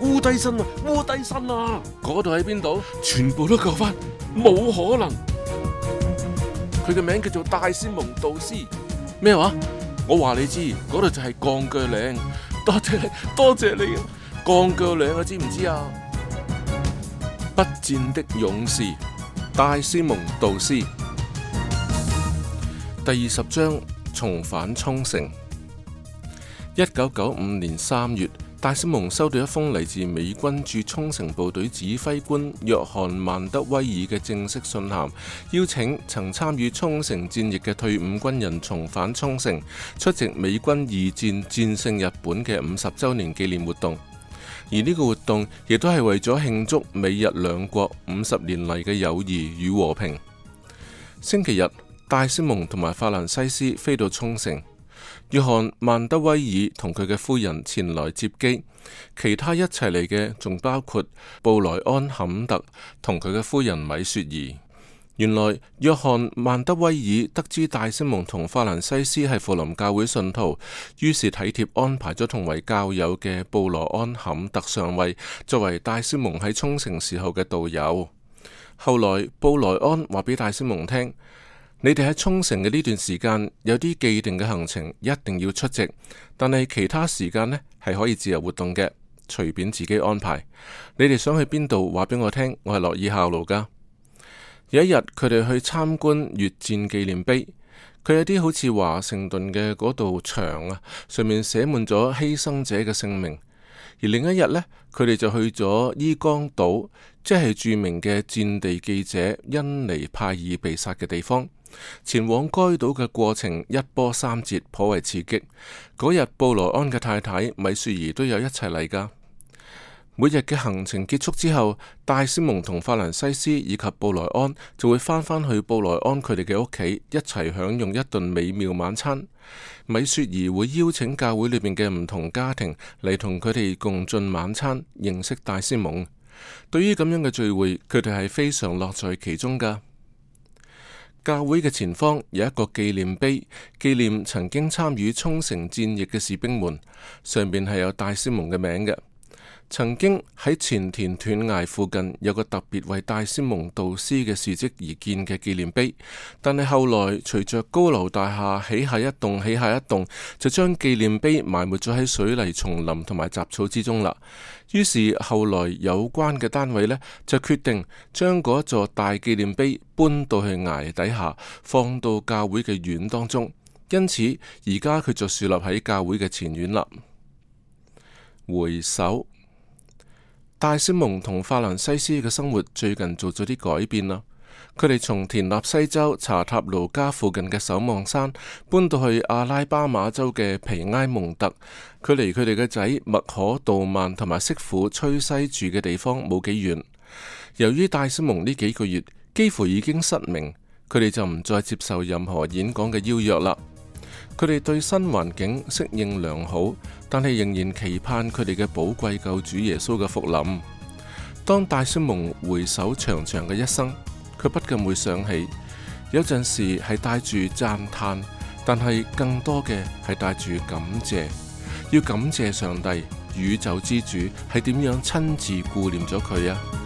烏低身啊，烏低身啊！嗰度喺邊度？全部都救翻，冇可能。佢嘅名叫做戴斯蒙杜斯，咩話？我話你知，嗰度就係鋼鋸嶺。多謝你，多謝你，啊，鋼鋸嶺啊，知唔知啊？不戰的勇士，戴斯蒙杜斯，第二十章：重返沖繩。一九九五年三月。戴斯蒙收到一封嚟自美軍駐沖繩部隊指揮官約翰曼德威爾嘅正式信函，邀請曾參與沖繩戰役嘅退伍軍人重返沖繩，出席美軍二戰戰勝日本嘅五十周年紀念活動。而呢個活動亦都係為咗慶祝美日兩國五十年嚟嘅友誼與和平。星期日，戴斯蒙同埋法蘭西斯飛到沖繩。約翰·曼德威爾同佢嘅夫人前來接機，其他一齊嚟嘅仲包括布萊安·坎特同佢嘅夫人米雪兒。原來約翰·曼德威爾得知戴斯蒙同法蘭西斯係福林教會信徒，於是體貼安排咗同為教友嘅布萊安·坎特上尉，作為戴斯蒙喺沖繩時候嘅導遊。後來布萊安話俾戴斯蒙聽。你哋喺沖繩嘅呢段時間有啲既定嘅行程一定要出席，但係其他時間呢，係可以自由活動嘅，隨便自己安排。你哋想去邊度，話俾我聽，我係樂意效勞噶。有一日佢哋去參觀越戰紀念碑，佢有啲好似華盛頓嘅嗰度牆啊，上面寫滿咗犧牲者嘅姓名。而另一日呢，佢哋就去咗伊江島。即係著名嘅戰地記者恩尼派爾被殺嘅地方。前往該島嘅過程一波三折，頗為刺激。嗰日布萊安嘅太太米雪兒都有一齊嚟噶。每日嘅行程結束之後，戴斯蒙同法蘭西斯以及布萊安就會翻返去布萊安佢哋嘅屋企，一齊享用一頓美妙晚餐。米雪兒會邀請教會裏面嘅唔同家庭嚟同佢哋共進晚餐，認識戴斯蒙。對於咁樣嘅聚會，佢哋係非常樂在其中噶。教會嘅前方有一個紀念碑，紀念曾經參與沖繩戰役嘅士兵們，上面係有戴斯蒙嘅名嘅。曾經喺前田斷崖附近有個特別為戴斯蒙杜斯嘅事蹟而建嘅紀念碑，但係後來隨着高樓大廈起下一棟起下一棟，一棟就將紀念碑埋沒咗喺水泥叢林同埋雜草之中啦。於是後來有關嘅單位呢，就決定將嗰座大紀念碑搬到去崖底下，放到教會嘅院當中。因此而家佢就樹立喺教會嘅前院啦。回首。戴斯蒙同法蘭西斯嘅生活最近做咗啲改變啦。佢哋從田納西州查塔盧加附近嘅守望山搬到去阿拉巴馬州嘅皮埃蒙特，距離佢哋嘅仔麥可杜曼同埋媳婦崔西住嘅地方冇幾遠。由於戴斯蒙呢幾個月幾乎已經失明，佢哋就唔再接受任何演講嘅邀約啦。佢哋對新環境適應良好，但係仍然期盼佢哋嘅寶貴救主耶穌嘅復臨。當戴斯蒙回首長長嘅一生，佢不禁會想起，有陣時係帶住讚嘆，但係更多嘅係帶住感謝，要感謝上帝宇宙之主係點樣親自顧念咗佢啊！